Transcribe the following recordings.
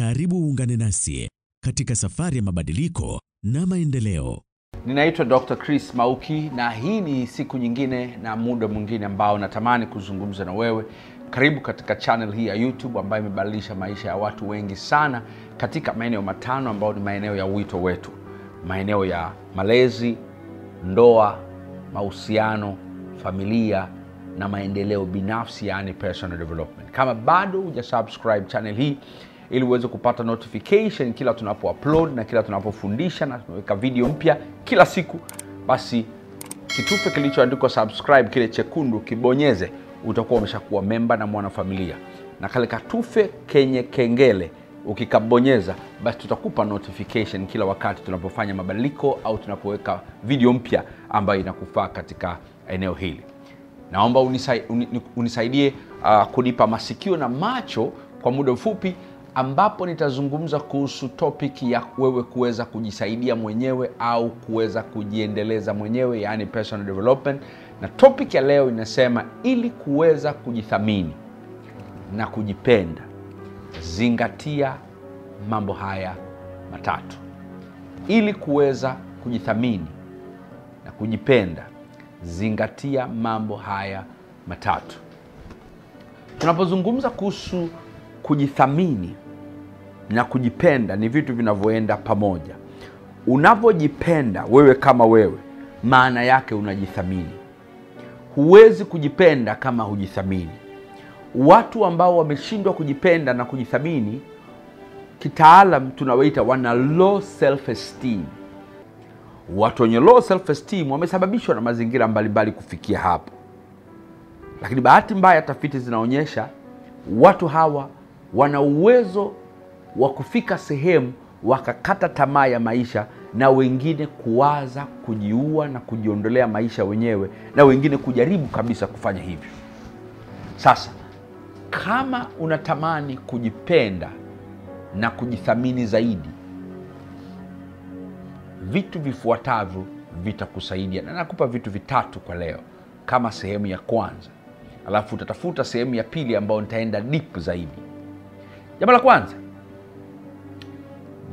Karibu uungane nasi katika safari ya mabadiliko na maendeleo. Ninaitwa Dr. Chris Mauki na hii ni siku nyingine na muda mwingine ambao natamani kuzungumza na wewe. Karibu katika channel hii ya YouTube ambayo imebadilisha maisha ya watu wengi sana katika maeneo matano ambayo ni maeneo ya wito wetu, maeneo ya malezi, ndoa, mahusiano, familia na maendeleo binafsi, yani personal development. Kama bado hujasubscribe channel hii ili uweze kupata notification kila tunapo upload na kila tunapofundisha na tunaweka video mpya kila siku, basi kitufe kilichoandikwa subscribe kile chekundu kibonyeze, utakuwa umeshakuwa memba na mwanafamilia, na kale katufe kenye kengele ukikabonyeza basi tutakupa notification kila wakati tunapofanya mabadiliko au tunapoweka video mpya ambayo inakufaa katika eneo hili. Naomba unisaidie, unisaidie uh, kunipa masikio na macho kwa muda mfupi ambapo nitazungumza kuhusu topic ya wewe kuweza kujisaidia mwenyewe au kuweza kujiendeleza mwenyewe, yani personal development. Na topic ya leo inasema ili kuweza kujithamini na kujipenda, zingatia mambo haya matatu. Ili kuweza kujithamini na kujipenda, zingatia mambo haya matatu. Tunapozungumza kuhusu kujithamini na kujipenda ni vitu vinavyoenda pamoja. Unavyojipenda wewe kama wewe, maana yake unajithamini. Huwezi kujipenda kama hujithamini. Watu ambao wameshindwa kujipenda na kujithamini, kitaalam tunawaita wana low self esteem. Watu wenye low self esteem wamesababishwa na mazingira mbalimbali kufikia hapo, lakini bahati mbaya, tafiti zinaonyesha watu hawa wana uwezo wa kufika sehemu wakakata tamaa ya maisha na wengine kuwaza kujiua na kujiondolea maisha wenyewe na wengine kujaribu kabisa kufanya hivyo. Sasa kama unatamani kujipenda na kujithamini zaidi, vitu vifuatavyo vitakusaidia, na nakupa vitu vitatu kwa leo kama sehemu ya kwanza, alafu utatafuta sehemu ya pili ambayo nitaenda dip zaidi. Jambo la kwanza,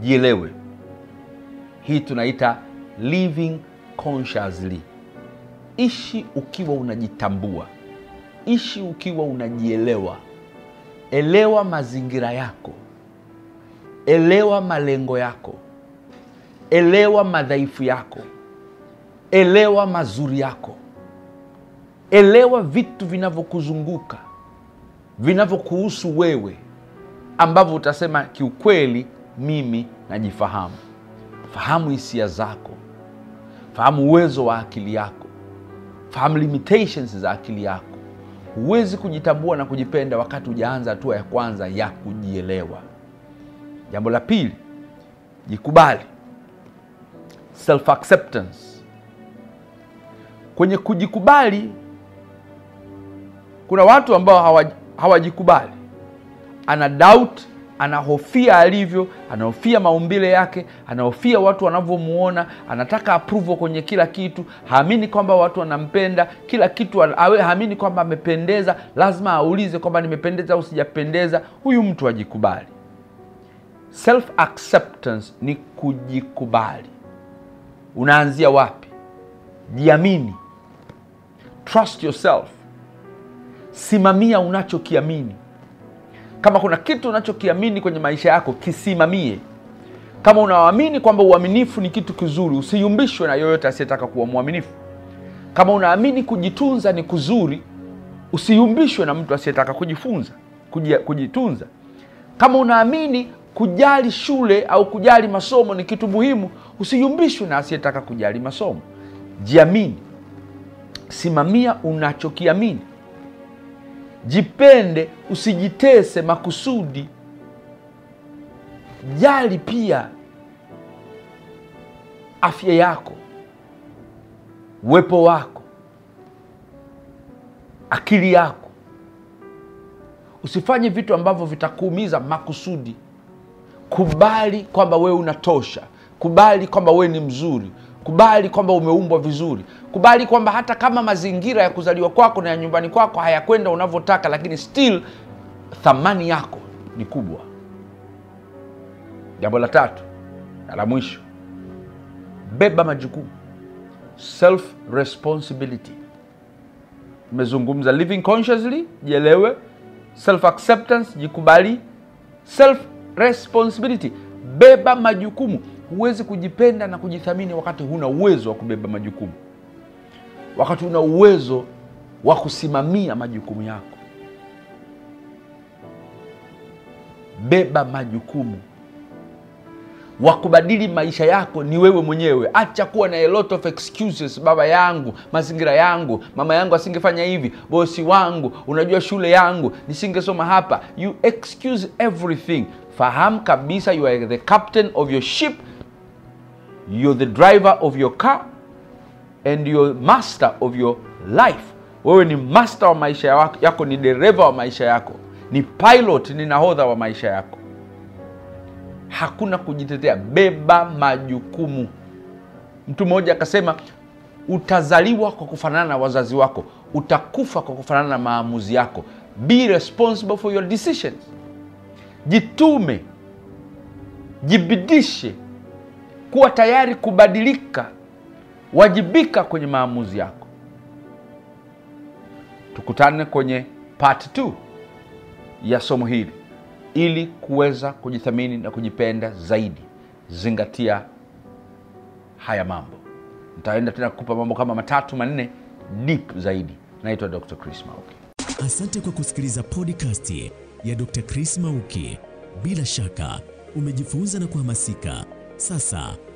jielewe. Hii tunaita living consciously. Ishi ukiwa unajitambua, ishi ukiwa unajielewa. Elewa mazingira yako, elewa malengo yako, elewa madhaifu yako, elewa mazuri yako, elewa vitu vinavyokuzunguka vinavyokuhusu wewe ambavyo utasema kiukweli, mimi najifahamu. Fahamu hisia zako, fahamu uwezo wa akili yako, fahamu limitations za akili yako. Huwezi kujitambua na kujipenda wakati hujaanza hatua ya kwanza ya kujielewa. Jambo la pili, jikubali, self acceptance. Kwenye kujikubali, kuna watu ambao hawajikubali ana doubt anahofia alivyo, anahofia maumbile yake, anahofia watu wanavyomuona, anataka approval kwenye kila kitu, haamini kwamba watu wanampenda kila kitu, haamini kwamba amependeza. Lazima aulize kwamba nimependeza au sijapendeza. Huyu mtu ajikubali. Self acceptance ni kujikubali. Unaanzia wapi? Jiamini, trust yourself, simamia unachokiamini. Kama kuna kitu unachokiamini kwenye maisha yako kisimamie. Kama unaamini kwamba uaminifu ni kitu kizuri, usiyumbishwe na yoyote asiyetaka kuwa mwaminifu. Kama unaamini kujitunza ni kuzuri, usiyumbishwe na mtu asiyetaka kujifunza kujitunza. Kama unaamini kujali shule au kujali masomo ni kitu muhimu, usiyumbishwe na asiyetaka kujali masomo. Jiamini, simamia unachokiamini. Jipende, usijitese makusudi. Jali pia afya yako, uwepo wako, akili yako. Usifanye vitu ambavyo vitakuumiza makusudi. Kubali kwamba wewe unatosha. Kubali kwamba wewe ni mzuri kubali kwamba umeumbwa vizuri kubali kwamba hata kama mazingira ya kuzaliwa kwako na ya nyumbani kwako hayakwenda unavyotaka lakini still thamani yako ni kubwa jambo la tatu na la mwisho beba majukumu self responsibility tumezungumza living consciously jielewe self acceptance jikubali self responsibility beba majukumu huwezi kujipenda na kujithamini wakati huna uwezo wa kubeba majukumu, wakati huna uwezo wa kusimamia majukumu yako. Beba majukumu. Wa kubadili maisha yako ni wewe mwenyewe. Acha kuwa na a lot of excuses. Baba yangu, mazingira yangu, mama yangu asingefanya hivi, bosi wangu, unajua shule yangu nisingesoma hapa. You excuse everything. Fahamu kabisa you are the captain of your ship You're the driver of your car and you're master of your life. Wewe ni master wa maisha yako, ni dereva wa maisha yako, ni pilot, ni nahodha wa maisha yako. Hakuna kujitetea, beba majukumu. Mtu mmoja akasema, utazaliwa kwa kufanana na wazazi wako, utakufa kwa kufanana na maamuzi yako. Be responsible for your decisions. Jitume, jibidishe kuwa tayari kubadilika, wajibika kwenye maamuzi yako. Tukutane kwenye part 2 ya somo hili ili kuweza kujithamini na kujipenda zaidi. Zingatia haya mambo. Nitaenda tena kukupa mambo kama matatu manne deep zaidi. Naitwa Dr. Chris Mauki. Asante kwa kusikiliza podcast ya Dr. Chris Mauki. Bila shaka umejifunza na kuhamasika. Sasa